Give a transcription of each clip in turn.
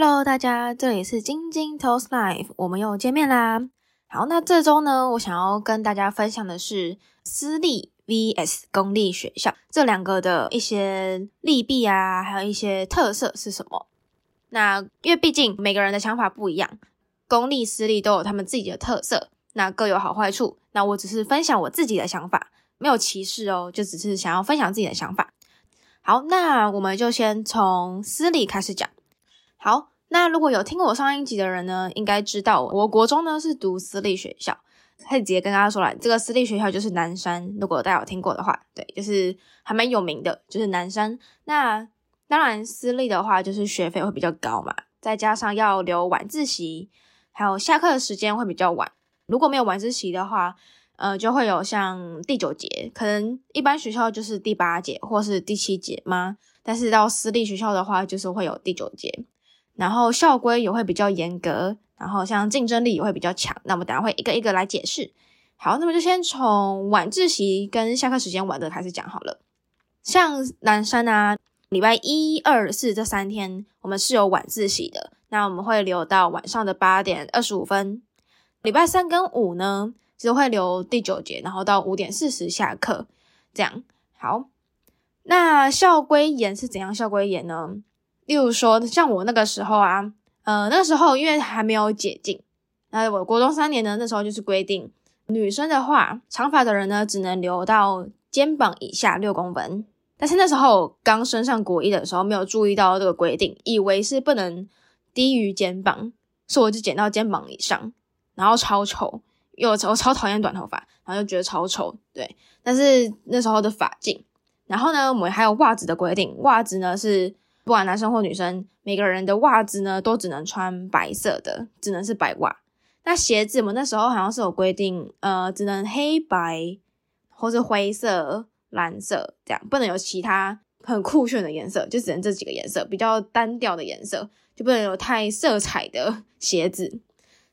Hello，大家，這裡是晶晶 Toast Life，我們又見面啦。好，那這周呢，我想要跟大家分享的是私立 VS 公立學校這兩個的一些利弊啊，還有一些特色是什麼。那因為畢竟每個人的想法不一樣，公立私立都有他們自己的特色，那各有好壞處。那我只是分享我自己的想法，沒有歧視哦，就只是想要分享自己的想法。好，那我們就先從私立開始講。好。那如果有聽過我上一集的人呢，應該知道我，我國中呢是讀私立學校，可以直接跟大家說來，這個私立學校就是南山。如果大家有聽過的話，對，就是還蠻有名的，就是南山。那當然私立的話，就是學費會比較高嘛，再加上要留晚自習，還有下課的時間會比較晚。如果沒有晚自習的話，呃，就會有像第九節，可能一般學校就是第八節或是第七節嘛，但是到私立學校的話，就是會有第九節。然後校規也會比較嚴格，然後像競爭力也會比較強。那我們等下會一個一個來解釋。好，那麼就先從晚自習跟下課時間晚的開始講好了。像南山啊，禮拜一二四這三天我們是有晚自習的，那我們會留到晚上的八點二十五分。禮拜三跟五呢，其實會留第九節，然後到五點四十下課這樣。好，那校規嚴是怎樣？校規嚴呢？例如說，像我那個時候啊，呃，那時候因為還沒有解禁，那我國中三年呢，那時候就是規定女生的話，長髮的人呢只能留到肩膀以下六公分。但是那時候剛升上國一的時候，沒有注意到這個規定，以為是不能低於肩膀，所以我就剪到肩膀以上，然後超醜，又超我超討厭短頭髮，然後就覺得超醜。對，但是那時候的髮禁，然後呢，我們還有襪子的規定，襪子呢是，不管男生或女生，每個人的襪子呢都只能穿白色的，只能是白襪。那鞋子我們那時候好像是有規定，呃，只能黑白或是灰色、藍色這樣，不能有其他很酷炫的顏色，就只能這幾個顏色，比較單調的顏色，就不能有太色彩的鞋子。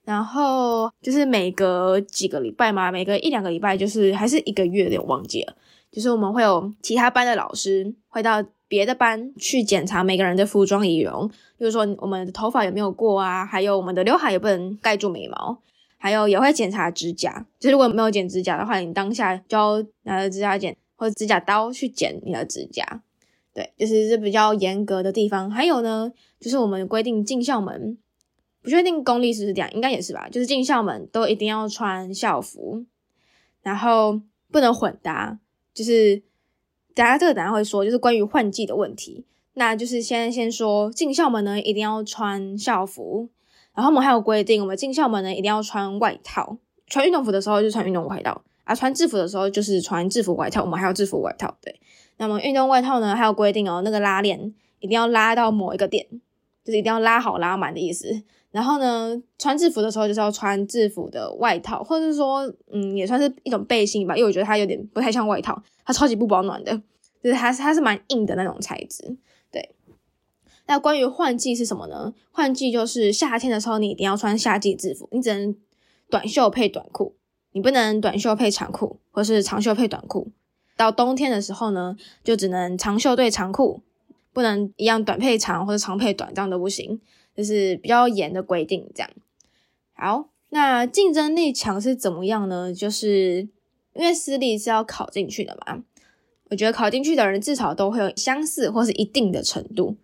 然後就是每隔幾個禮拜嘛，每隔一兩個禮拜，就是還是一個月的，我忘記了，就是我們會有其他班的老師會到。別的班去檢查每個人的服裝儀容，就是說我們的頭髮有沒有過啊，還有我們的劉海也不能蓋住眉毛，還有也會檢查指甲，就是如果沒有剪指甲的話，你當下就要拿着指甲剪或者指甲刀去剪你的指甲。對，就是這比較嚴格的地方。還有呢，就是我們規定進校門，不確定公立是不是這樣，應該也是吧，就是進校門都一定要穿校服，然後不能混搭，就是。大家這個等下會說，就是關於換季的問題。那就是先先說進校門呢，一定要穿校服。然後我們還有規定，我們進校門呢一定要穿外套。穿運動服的時候就穿運動外套啊，穿制服的時候就是穿制服外套。我們還有制服外套，對。那麼運動外套呢還有規定哦、喔，那個拉鏈一定要拉到某一個點，就是一定要拉好拉滿的意思。然後呢，穿制服的時候就是要穿制服的外套，或者是說，嗯，也算是一種背心吧。因為我覺得它有點不太像外套，它超級不保暖的，就是它它是蠻硬的那種材質。對，那關於換季是什麼呢？換季就是夏天的時候你一定要穿夏季制服，你只能短袖配短褲，你不能短袖配長褲，或是長袖配短褲。到冬天的時候呢，就只能長袖對長褲，不能一樣短配長或者長配短，這樣都不行。就是比較嚴的規定，這樣。好，那競爭力強是怎麼樣呢？就是因為私立是要考進去的嘛，我覺得考進去的人至少都會有相似或是一定的程度。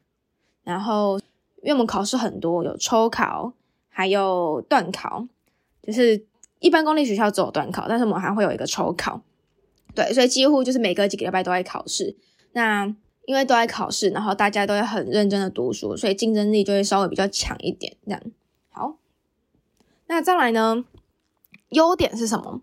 然後，因為我們考試很多，有抽考，還有段考，就是一般公立學校只有段考，但是我們還會有一個抽考。對，所以幾乎就是每隔幾個禮拜都會考試。那因為都在考試，然後大家都會很認真的讀書，所以競爭力就會稍微比較強一點，這樣。好，那再來呢？優點是什麼？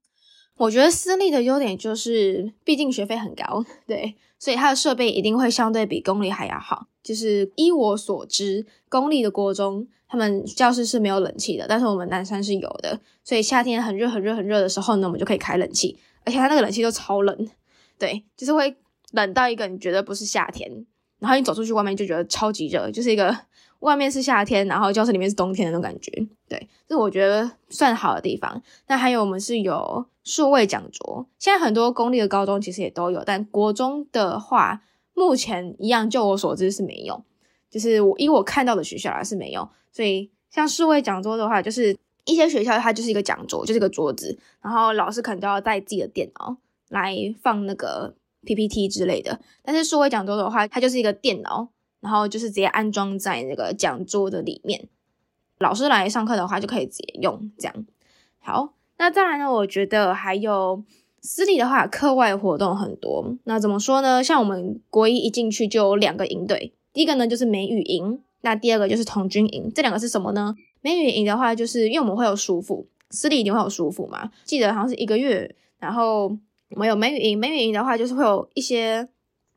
我覺得私立的優點就是，畢竟學費很高，對，所以它的設備一定會相對比公立還要好。就是依我所知，公立的國中他們教室是沒有冷氣的，但是我們南山是有的，所以夏天很熱很熱很熱的時候呢，我們就可以開冷氣，而且它那個冷氣都超冷，對，就是會。冷到一個你覺得不是夏天，然後你走出去外面就覺得超級熱，就是一個外面是夏天，然後教室裡面是冬天的那種感覺。對，這是我覺得算好的地方。那還有我們是有數位講桌，現在很多公立的高中其實也都有，但國中的話目前一樣，就我所知是沒有。就是我因為我看到的學校還是沒有，所以像數位講桌的話，就是一些學校它就是一個講桌，就是一個桌子，然後老師可能都要帶自己的電腦來放那個。PPT 之類的，但是數位講桌的話，它就是一個電腦，然後就是直接安裝在那個講桌的裡面。老師來上課的話，就可以直接用這樣。好，那再來呢？我覺得還有私立的話，課外活動很多。那怎麼說呢？像我們國一一進去就有兩個營隊，第一個呢就是美語營，那第二個就是童軍營。這兩個是什麼呢？美語營的話，就是因為我們會有舒服，私立一定會有舒服嘛。記得好像是一個月，然後。我們有美語營，美語、美語營的話就是會有一些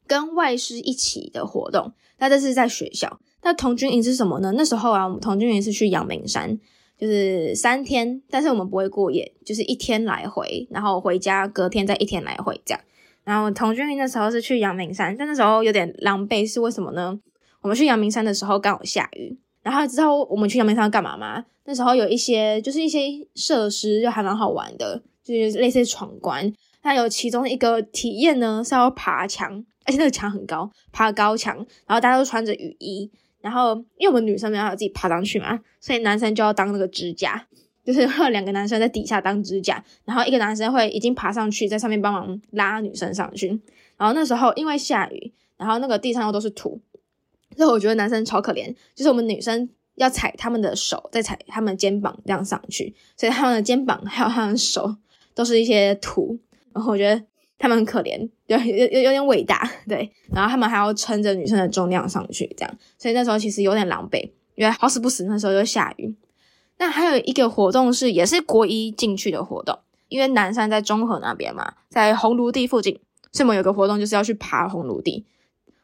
跟外師一起的活動，那這是在學校。那童軍營是什麼呢？那時候啊，我們童軍營是去陽明山，就是三天，但是我們不會過夜，就是一天來回，然後回家，隔天再一天來回這樣。然後童軍營那時候是去陽明山，但那時候有點狼狽，是為什麼呢？我們去陽明山的時候剛好下雨，然後之後我們去陽明山幹嘛嗎？那時候有一些就是一些設施就還蠻好玩的，就是類似闖關。它有其中一個體驗呢，是要爬牆，而且那個牆很高，爬高牆。然後大家都穿着雨衣，然後因為我們女生沒有辦法自己爬上去嘛，所以男生就要當那個支架，就是兩個男生在底下當支架，然後一個男生會已經爬上去，在上面幫忙拉女生上去。然後那時候因為下雨，然後那個地上又都是土，所以我覺得男生超可憐，就是我們女生要踩他們的手，再踩他們肩膀這樣上去，所以他們的肩膀還有他們的手都是一些土。然後我覺得他們很可憐，有有有，有點偉大，對。然後他們還要撐着女生的重量上去，這樣，所以那時候其實有點狼狽，因為好死不死那時候又下雨。那還有一個活動是也是國一進去的活動，因為南山在中和那邊嘛，在紅爐地附近，所以我們有個活動就是要去爬紅爐地。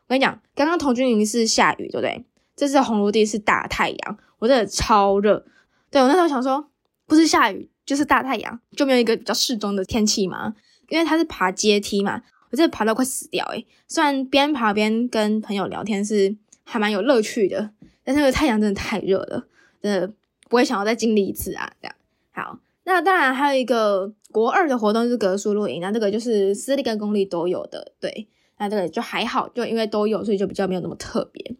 我跟你講，剛剛童軍營是下雨，對不對？這次紅爐地是大太陽，我真的超熱。對，我那時候想說，不是下雨就是大太陽，就沒有一個比較適中的天氣嘛。因為它是爬階梯嘛，我真的爬到快死掉誒，雖然邊爬邊跟朋友聊天是還蠻有樂趣的，但是那個太陽真的太熱了，真的不會想要再經歷一次啊！這樣好，那當然還有一個國二的活動是隔宿露營，那這個就是私立跟公立都有的，對，那這個就還好，就因為都有，所以就比較沒有那麼特別。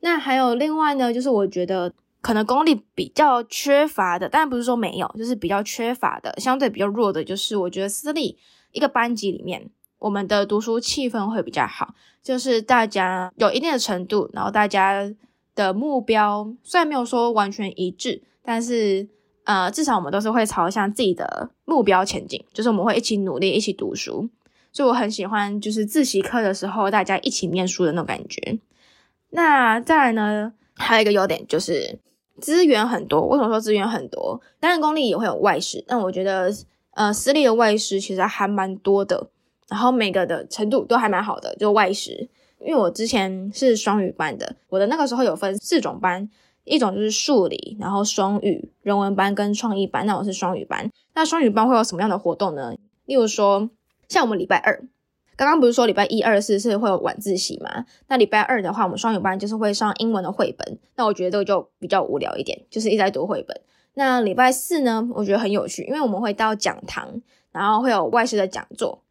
那還有另外呢，就是我覺得可能公立比較缺乏的，當然不是說沒有，就是比較缺乏的，相對比較弱的就是我覺得私立。一個班級裡面，我們的讀書氣氛會比較好，就是大家有一定的程度，然後大家的目標雖然沒有說完全一致，但是呃，至少我們都是會朝向自己的目標前進，就是我們會一起努力，一起讀書。所以我很喜歡，就是自習課的時候大家一起念書的那種感覺。那再來呢，還有一個優點就是資源很多。為什麼說資源很多？當然公立也會有外事，但我覺得。呃，私立的外師其實還蠻多的，然後每個的程度都還蠻好的，就外師，因為我之前是雙語班的，我的那個時候有分四種班，一種就是數理，然後雙語、人文班跟創意班，那我是雙語班。那雙語班會有什麼樣的活動呢？例如說，像我們禮拜二，剛剛不是說禮拜一、二、四是會有晚自習嘛？那禮拜二的話，我們雙語班就是會上英文的繪本。那我覺得這個就比較無聊一點，就是一直在讀繪本。那禮拜四呢，我覺得很有趣，因為我們會到講堂，然後會有外師的講座。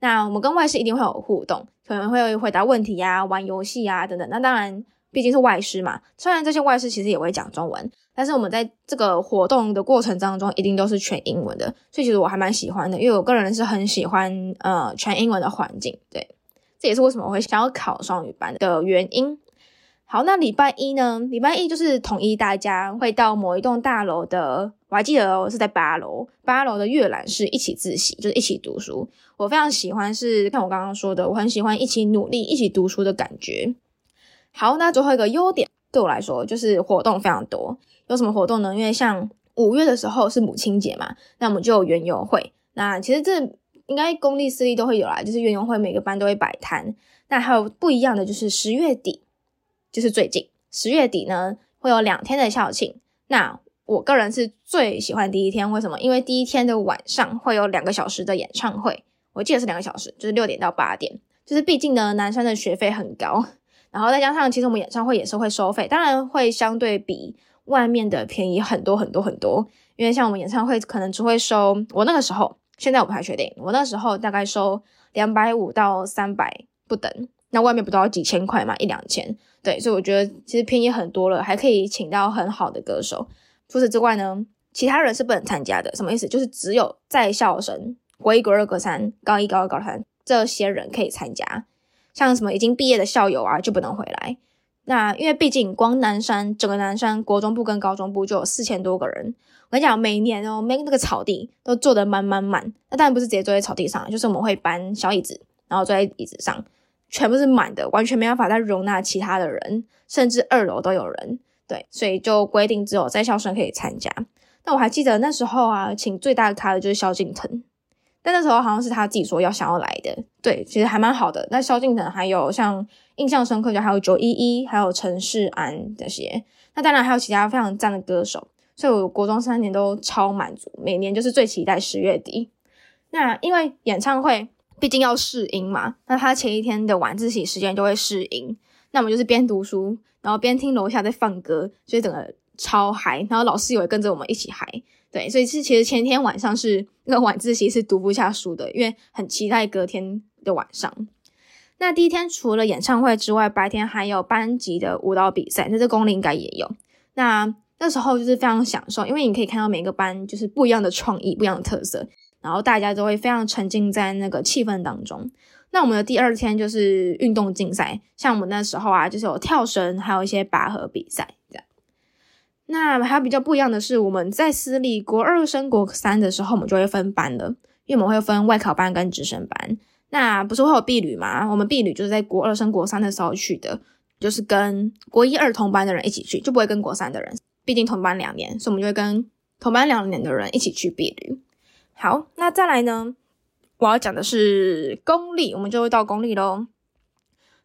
那我們跟外師一定會有互動，可能會回答問題呀、啊、玩遊戲呀、啊、等等。那當然，畢竟是外師嘛。雖然這些外師其實也會講中文，但是我們在這個活動的過程當中，一定都是全英文的。所以其實我還蠻喜歡的，因為我個人是很喜歡呃全英文的環境。對，這也是為什麼我會想要考雙語班的原因。好，那禮拜一呢？禮拜一就是統一大家會到某一棟大樓的，我還記得哦，是在八樓，八樓的閱覽室一起自習，就是一起讀書。我非常喜歡是，是看我剛剛說的，我很喜歡一起努力、一起讀書的感覺。好，那最後一個優點對我來說就是活動非常多，有什麼活動呢？因為像五月的時候是母親節嘛，那我們就有園遊會。那其實這應該公立私立都會有啦，就是園遊會每個班都會擺攤。那還有不一樣的就是十月底。就是最近十月底呢，會有兩天的校慶。那我個人是最喜歡第一天，為什麼？因為第一天的晚上會有兩個小時的演唱會，我記得是兩個小時，就是六點到八點。就是畢竟呢，南山的學費很高，然後再加上其實我們演唱會也是會收費，當然會相對比外面的便宜很多很多很多。因為像我們演唱會可能只會收我那個時候，現在我不太確定，我那個時候大概收兩百五到三百不等。那外面不都要幾千塊嘛，一兩千，對，所以我覺得其實便宜很多了，還可以請到很好的歌手。除此之外呢，其他人是不能參加的，什麼意思？就是只有在校生，國一、國二、國三，高一、高二、高三這些人可以參加。像什麼已經畢業的校友啊，就不能回來。那因為畢竟光南山整個南山國中部跟高中部就有四千多個人，我跟你講，每年哦，每那個草地都坐得滿滿滿。那當然不是直接坐在草地上，就是我們會搬小椅子，然後坐在椅子上。全部是滿的，完全沒辦法再容納其他的人，甚至二樓都有人。對，所以就規定只有在校生可以參加。那我還記得那時候啊，請最大咖的就是蕭敬騰，但那時候好像是他自己說要想要來的。對，其實還蠻好的。那蕭敬騰還有像印象深刻，就還有九一一，還有陳勢安這些。那當然還有其他非常讚的歌手，所以我國中三年都超滿足，每年就是最期待十月底。那因為演唱會。畢竟要試音嘛，那他前一天的晚自習時間就會試音。那我們就是邊讀書，然後邊聽樓下在放歌，所以整個超嗨。然後老師也會跟着我們一起嗨，對。所以是其實前一天晚上是那個晚自習是讀不下書的，因為很期待隔天的晚上。那第一天除了演唱會之外，白天還有班級的舞蹈比賽，那這個、公立應該也有。那那時候就是非常享受，因為你可以看到每個班就是不一樣的創意，不一樣的特色。然後大家都會非常沉浸在那個氣氛當中。那我們的第二天就是運動競賽，像我們那時候啊，就是有跳繩，還有一些拔河比賽這樣。那還比較不一樣的是，我們在私立國二升國三的時候，我們就會分班了，因為我們會分外考班跟直升班。那不是會有畢旅嗎？我們畢旅就是在國二升國三的時候去的，就是跟國一、二同班的人一起去，就不會跟國三的人，畢竟同班兩年，所以我們就會跟同班兩年的人一起去畢旅。好，那再來呢？我要講的是公立，我們就會到公立嘍。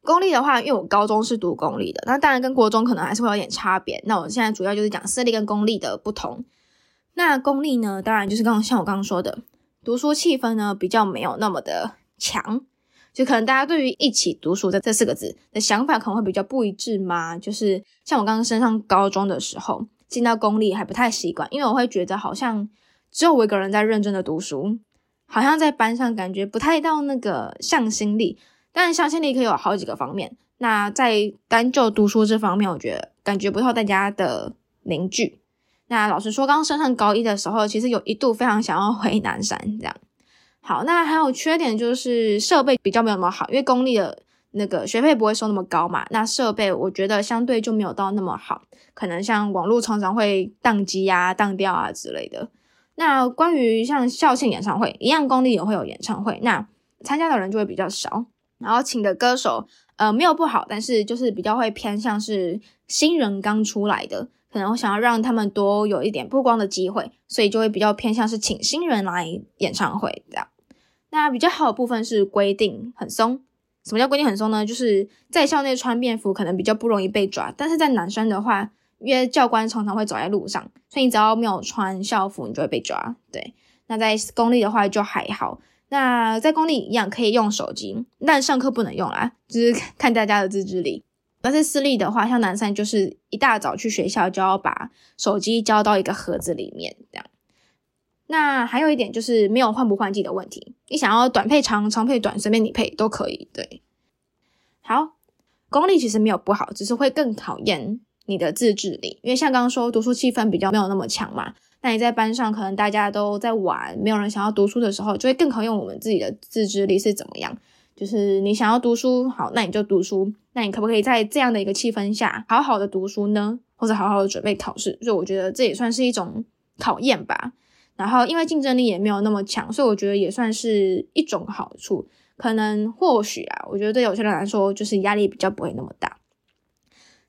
公立的話，因為我高中是讀公立的，那當然跟國中可能還是會有點差別。那我現在主要就是講私立跟公立的不同。那公立呢，當然就是剛像我剛剛說的，讀書氣氛呢比較沒有那麼的強，就可能大家對於一起讀書的這四個字的想法可能會比較不一致嘛。就是像我剛剛升上高中的時候，進到公立還不太習慣，因為我會覺得好像。只有我一個人在認真的讀書，好像在班上感覺不太到那個向心力。但是向心力可以有好幾個方面。那在單就讀書這方面，我覺得感覺不到大家的凝聚。那老實說，剛剛升上高一的時候，其實有一度非常想要回南山這樣。好，那還有缺點就是設備比較沒有那麼好，因為公立的那個學費不會收那麼高嘛。那設備我覺得相對就沒有到那麼好，可能像網絡常常會宕機呀、宕掉啊之類的。那關於像校慶演唱會一樣，公立也會有演唱會，那參加的人就會比較少，然後請的歌手，呃，沒有不好，但是就是比較會偏向是新人剛出來的，可能想要讓他們多有一點曝光的機會，所以就會比較偏向是請新人來演唱會這樣。那比較好的部分是規定很鬆，什麼叫規定很鬆呢？就是在校內穿便服可能比較不容易被抓，但是在南山的話，因為教官常常會走在路上，所以你只要沒有穿校服，你就會被抓。對，那在公立的話就還好，那在公立一樣可以用手機，但上課不能用啦，就是看大家的自制力。但是私立的話，像南山就是一大早去學校就要把手機交到一個盒子裡面，這樣。那還有一點就是沒有換不換季的問題，你想要短配長，長配短，隨便你配都可以。對，好，公立其實沒有不好，只是會更考驗。你的自制力，因為像剛剛說，讀書氣氛比較沒有那麼強嘛。那你在班上可能大家都在玩，沒有人想要讀書的時候，就會更考驗我們自己的自制力是怎麼樣？就是你想要讀書，好，那你就讀書。那你可不可以在這樣的一個氣氛下，好好的讀書呢？或者好好的準備考試？所以我覺得這也算是一種考驗吧。然後因為競爭力也沒有那麼強，所以我覺得也算是一種好處。可能或許啊，我覺得對有些人來說，就是壓力比較不會那麼大。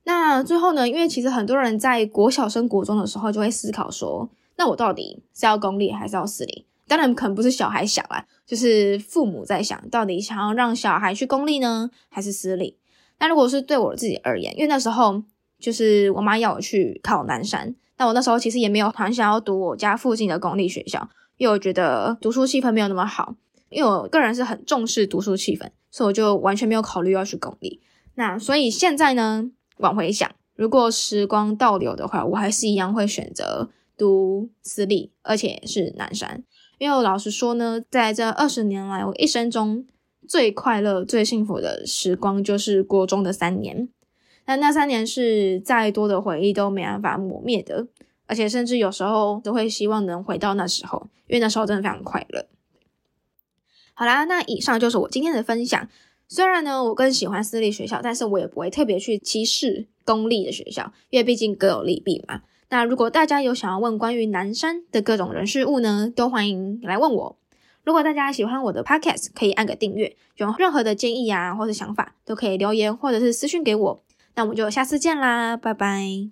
那最後呢，因為其實很多人在國小升國中的時候，就會思考說，那我到底是要公立還是要私立？當然，可能不是小孩想啦，就是父母在想到底想要讓小孩去公立呢，還是私立？那如果是對我自己而言，因為那時候就是我媽要我去考南山，那我那時候其實也沒有很想要讀我家附近的公立學校，因為我覺得讀書氣氛沒有那麼好，因為我個人是很重視讀書氣氛，所以我就完全沒有考慮要去公立。那所以現在呢？往回想，如果時光倒流的話，我還是一樣會選擇讀私立，而且是南山。因為我老實說呢，在這二十年來，我一生中最快樂、最幸福的時光就是國中的三年。但那，那三年是再多的回憶都沒辦法磨滅的，而且甚至有時候都會希望能回到那時候，因為那時候真的非常快樂。好啦，那以上就是我今天的分享。雖然呢，我更喜歡私立學校，但是我也不會特別去歧視公立的學校，因為畢竟各有利弊嘛。那如果大家有想要問關於南山的各種人事物呢，都歡迎來問我。如果大家喜歡我的 podcast，可以按個訂閱。有任何的建議啊或者想法，都可以留言或者是私訊給我。那我們就下次見啦，拜拜。